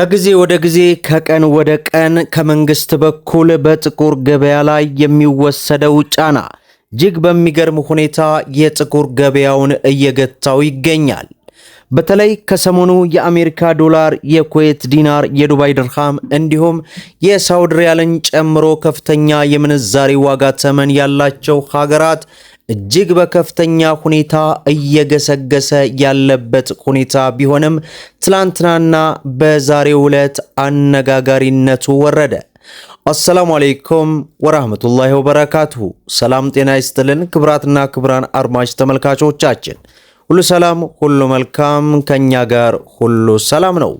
ከጊዜ ወደ ጊዜ ከቀን ወደ ቀን ከመንግስት በኩል በጥቁር ገበያ ላይ የሚወሰደው ጫና እጅግ በሚገርም ሁኔታ የጥቁር ገበያውን እየገታው ይገኛል። በተለይ ከሰሞኑ የአሜሪካ ዶላር፣ የኩዌት ዲናር፣ የዱባይ ድርሃም እንዲሁም የሳውዲ ሪያልን ጨምሮ ከፍተኛ የምንዛሬ ዋጋ ተመን ያላቸው ሀገራት እጅግ በከፍተኛ ሁኔታ እየገሰገሰ ያለበት ሁኔታ ቢሆንም ትላንትናና በዛሬው ዕለት አነጋጋሪነቱ ወረደ። አሰላሙ አሌይኩም ወራህመቱላሂ ወበረካቱሁ። ሰላም ጤና ይስጥልን ክብራትና ክብራን አድማጭ ተመልካቾቻችን ሁሉ ሰላም ሁሉ መልካም፣ ከኛ ጋር ሁሉ ሰላም ነው።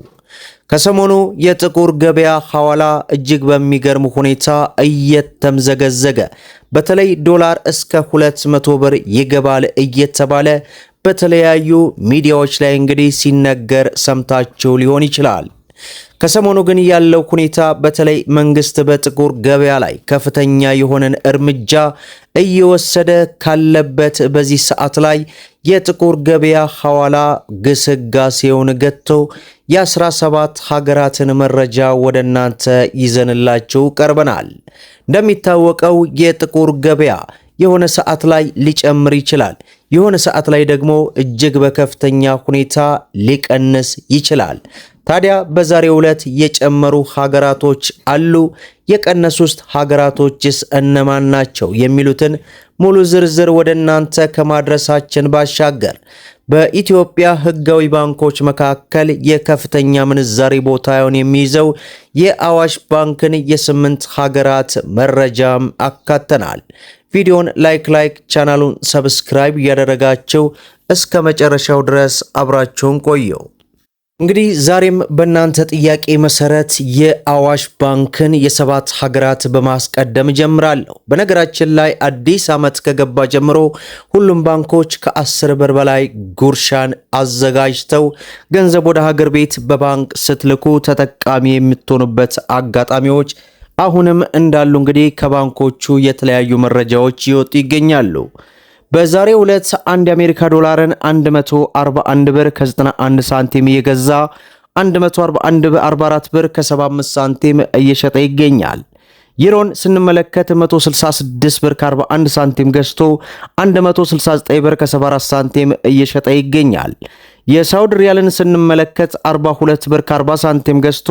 ከሰሞኑ የጥቁር ገበያ ሐዋላ እጅግ በሚገርም ሁኔታ እየተምዘገዘገ በተለይ ዶላር እስከ 200 ብር ይገባል እየተባለ በተለያዩ ሚዲያዎች ላይ እንግዲህ ሲነገር ሰምታችሁ ሊሆን ይችላል። ከሰሞኑ ግን ያለው ሁኔታ በተለይ መንግስት በጥቁር ገበያ ላይ ከፍተኛ የሆነን እርምጃ እየወሰደ ካለበት በዚህ ሰዓት ላይ የጥቁር ገበያ ሐዋላ ግስጋሴውን ገጥቶ የአስራ ሰባት ሀገራትን መረጃ ወደ እናንተ ይዘንላችሁ ቀርበናል። እንደሚታወቀው የጥቁር ገበያ የሆነ ሰዓት ላይ ሊጨምር ይችላል። የሆነ ሰዓት ላይ ደግሞ እጅግ በከፍተኛ ሁኔታ ሊቀንስ ይችላል። ታዲያ በዛሬው ዕለት የጨመሩ ሀገራቶች አሉ? የቀነሱስት ሀገራቶችስ እነማን ናቸው? የሚሉትን ሙሉ ዝርዝር ወደ እናንተ ከማድረሳችን ባሻገር በኢትዮጵያ ሕጋዊ ባንኮች መካከል የከፍተኛ ምንዛሪ ቦታውን የሚይዘው የአዋሽ ባንክን የስምንት ሀገራት መረጃም አካተናል። ቪዲዮን ላይክ ላይክ ቻናሉን ሰብስክራይብ እያደረጋችሁ እስከ መጨረሻው ድረስ አብራችሁን ቆየው። እንግዲህ ዛሬም በእናንተ ጥያቄ መሰረት የአዋሽ ባንክን የሰባት ሀገራት በማስቀደም ጀምራለሁ። በነገራችን ላይ አዲስ ዓመት ከገባ ጀምሮ ሁሉም ባንኮች ከአስር ብር በላይ ጉርሻን አዘጋጅተው ገንዘብ ወደ ሀገር ቤት በባንክ ስትልኩ ተጠቃሚ የምትሆኑበት አጋጣሚዎች አሁንም እንዳሉ እንግዲህ ከባንኮቹ የተለያዩ መረጃዎች ይወጡ ይገኛሉ። በዛሬ ሁለት አንድ የአሜሪካ ዶላርን 141 ብር ከ91 ሳንቲም እየገዛ 141 44 ብር ከ75 ሳንቲም እየሸጠ ይገኛል። ዩሮን ስንመለከት 166 ብር ከ41 ሳንቲም ገዝቶ 169 ብር ከ74 ሳንቲም እየሸጠ ይገኛል። የሳውዲ ሪያልን ስንመለከት 42 ብር ከ40 ሳንቲም ገዝቶ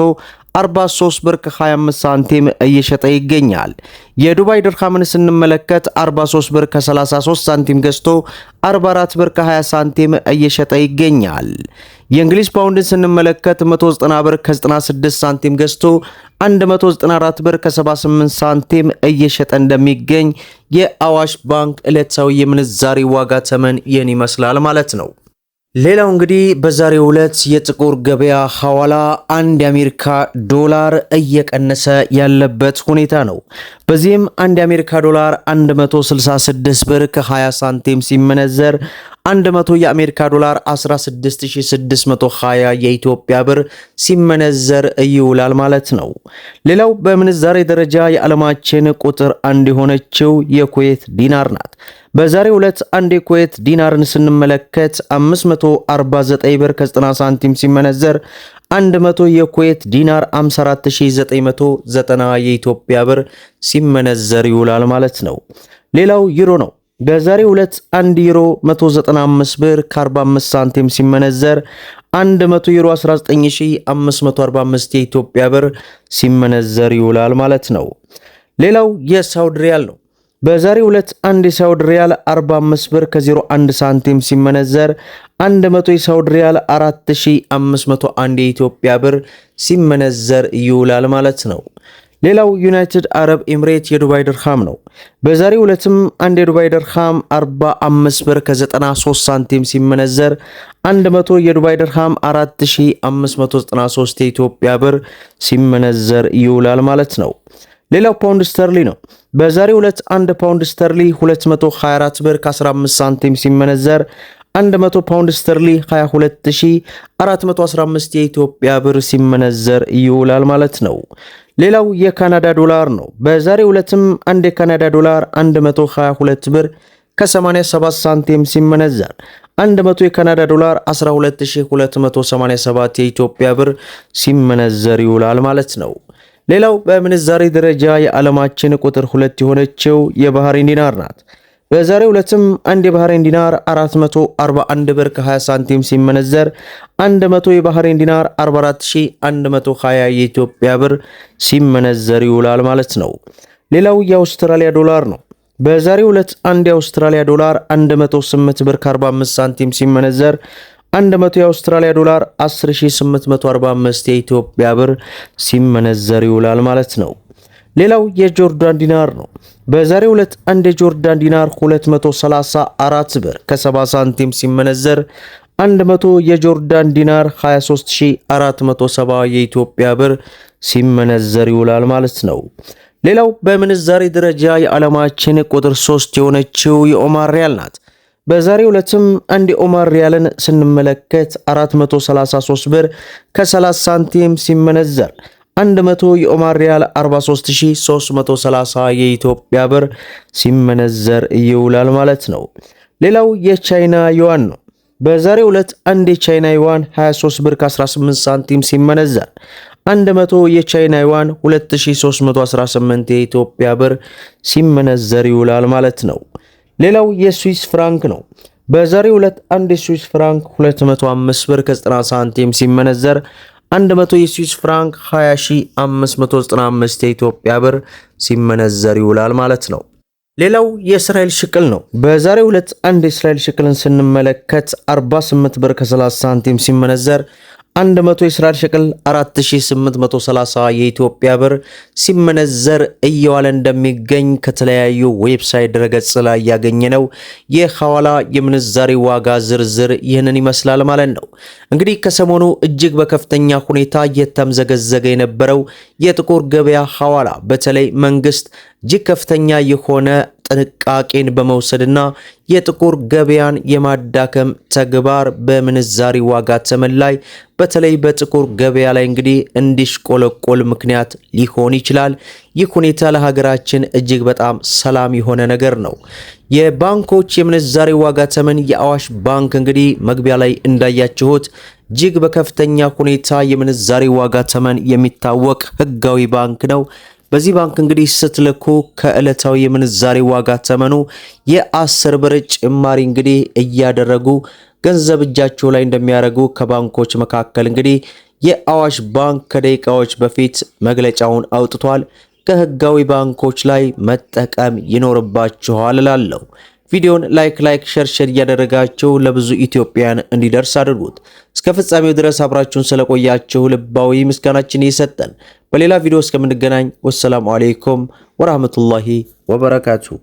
43 ብር ከ25 ሳንቲም እየሸጠ ይገኛል። የዱባይ ድርሃምን ስንመለከት 43 ብር ከ33 ሳንቲም ገዝቶ 44 ብር ከ20 ሳንቲም እየሸጠ ይገኛል። የእንግሊዝ ፓውንድን ስንመለከት 190 ብር ከ96 ሳንቲም ገዝቶ 194 ብር ከ78 ሳንቲም እየሸጠ እንደሚገኝ የአዋሽ ባንክ ዕለታዊ የምንዛሪ ዋጋ ተመን ይህን ይመስላል ማለት ነው። ሌላው እንግዲህ በዛሬው ዕለት የጥቁር ገበያ ሐዋላ አንድ የአሜሪካ ዶላር እየቀነሰ ያለበት ሁኔታ ነው። በዚህም አንድ የአሜሪካ ዶላር 166 ብር ከ20 ሳንቲም ሲመነዘር 100 የአሜሪካ ዶላር 16620 የኢትዮጵያ ብር ሲመነዘር ይውላል ማለት ነው። ሌላው በምንዛሬ ደረጃ የዓለማችን ቁጥር አንድ የሆነችው የኩዌት ዲናር ናት። በዛሬ ዕለት አንድ የኩዌት ዲናርን ስንመለከት 549 ብር ከ90 ሳንቲም ሲመነዘር 100 የኩዌት ዲናር 54990 የኢትዮጵያ ብር ሲመነዘር ይውላል ማለት ነው። ሌላው ዩሮ ነው። በዛሬ ዕለት 1 ዩሮ 195 ብር ከ45 ሳንቲም ሲመነዘር 100 ዩሮ 19545 የኢትዮጵያ ብር ሲመነዘር ይውላል ማለት ነው። ሌላው የሳውዲ ሪያል ነው። በዛሬ ዕለት 1 የሳውዲ ሪያል 45 ብር ከ01 ሳንቲም ሲመነዘር 100 የሳውዲ ሪያል 4501 የኢትዮጵያ ብር ሲመነዘር ይውላል ማለት ነው። ሌላው ዩናይትድ አረብ ኤምሬት የዱባይ ድርሃም ነው። በዛሬው ዕለትም አንድ የዱባይ ድርሃም 45 ብር ከ93 ሳንቲም ሲመነዘር 100 የዱባይ ድርሃም 4593 የኢትዮጵያ ብር ሲመነዘር ይውላል ማለት ነው። ሌላው ፓውንድ ስተርሊ ነው። በዛሬው ዕለት አንድ ፓውንድ ስተርሊ 224 ብር ከ15 ሳንቲም ሲመነዘር 100 ፓውንድ ስተርሊ 22415 የኢትዮጵያ ብር ሲመነዘር ይውላል ማለት ነው። ሌላው የካናዳ ዶላር ነው። በዛሬው ዕለትም አንድ የካናዳ ዶላር 122 ብር ከ87 ሳንቲም ሲመነዘር 100 የካናዳ ዶላር 12287 የኢትዮጵያ ብር ሲመነዘር ይውላል ማለት ነው። ሌላው በምንዛሬ ደረጃ የዓለማችን ቁጥር ሁለት የሆነችው የባህሪን ዲናር ናት። በዛሬ ሁለትም አንድ የባህሬን ዲናር 441 ብር ከ20 ሳንቲም ሲመነዘር 100 የባህሬን ዲናር 44120 የኢትዮጵያ ብር ሲመነዘር ይውላል ማለት ነው። ሌላው የአውስትራሊያ ዶላር ነው። በዛሬ ሁለት አንድ የአውስትራሊያ ዶላር 108 ብር ከ45 ሳንቲም ሲመነዘር 100 የአውስትራሊያ ዶላር 10845 የኢትዮጵያ ብር ሲመነዘር ይውላል ማለት ነው። ሌላው የጆርዳን ዲናር ነው። በዛሬው ዕለት አንድ የጆርዳን ዲናር 234 ብር ከ70 ሳንቲም ሲመነዘር 100 የጆርዳን ዲናር 23470 የኢትዮጵያ ብር ሲመነዘር ይውላል ማለት ነው። ሌላው በምንዛሬ ደረጃ የዓለማችን ቁጥር 3 የሆነችው የኦማር ሪያል ናት። በዛሬው ዕለትም አንድ የኦማር ሪያልን ስንመለከት 433 ብር ከ30 ሳንቲም ሲመነዘር 100 የኦማር ሪያል 43330 የኢትዮጵያ ብር ሲመነዘር ይውላል ማለት ነው። ሌላው የቻይና ዩዋን ነው። በዛሬው ዕለት አንድ የቻይና ዩዋን 23 ብር ከ18 ሳንቲም ሲመነዘር 100 የቻይና ዩዋን 2318 የኢትዮጵያ ብር ሲመነዘር ይውላል ማለት ነው። ሌላው የስዊስ ፍራንክ ነው። በዛሬው ዕለት አንድ የስዊስ ፍራንክ 205 ብር ከ90 ሳንቲም ሲመነዘር 100 የስዊስ ፍራንክ 20595 የኢትዮጵያ ብር ሲመነዘር ይውላል ማለት ነው። ሌላው የእስራኤል ሽቅል ነው። በዛሬ ሁለት አንድ የእስራኤል ሽቅልን ስንመለከት 48 ብር ከ30 ሳንቲም ሲመነዘር 100 የእስራኤል ሸቅል 4830 የኢትዮጵያ ብር ሲመነዘር እየዋለ እንደሚገኝ ከተለያዩ ዌብሳይት ድረገጽ ላይ ያገኘነው የሐዋላ የምንዛሪ ዋጋ ዝርዝር ይህንን ይመስላል ማለት ነው። እንግዲህ ከሰሞኑ እጅግ በከፍተኛ ሁኔታ እየተምዘገዘገ የነበረው የጥቁር ገበያ ሐዋላ በተለይ መንግስት እጅግ ከፍተኛ የሆነ ጥንቃቄን በመውሰድና የጥቁር ገበያን የማዳከም ተግባር በምንዛሪ ዋጋ ተመን ላይ በተለይ በጥቁር ገበያ ላይ እንግዲህ እንዲሽቆለቆል ምክንያት ሊሆን ይችላል። ይህ ሁኔታ ለሀገራችን እጅግ በጣም ሰላም የሆነ ነገር ነው። የባንኮች የምንዛሪ ዋጋ ተመን የአዋሽ ባንክ እንግዲህ መግቢያ ላይ እንዳያችሁት እጅግ በከፍተኛ ሁኔታ የምንዛሪ ዋጋ ተመን የሚታወቅ ህጋዊ ባንክ ነው። በዚህ ባንክ እንግዲህ ስትልኩ ከዕለታዊ የምንዛሬ ዋጋ ተመኑ የአስር ብር ጭማሪ እንግዲህ እያደረጉ ገንዘብ እጃችሁ ላይ እንደሚያደርጉ ከባንኮች መካከል እንግዲህ የአዋሽ ባንክ ከደቂቃዎች በፊት መግለጫውን አውጥቷል። ከህጋዊ ባንኮች ላይ መጠቀም ይኖርባችኋል እላለሁ። ቪዲዮን ላይክ ላይክ ሸር ሸር እያደረጋችሁ ለብዙ ኢትዮጵያን እንዲደርስ አድርጉት። እስከ ፍጻሜው ድረስ አብራችሁን ስለቆያችሁ ልባዊ ምስጋናችን እየሰጠን በሌላ ቪዲዮ እስከምንገናኝ ወሰላሙ አሌይኩም ወራህመቱላሂ ወበረካቱ።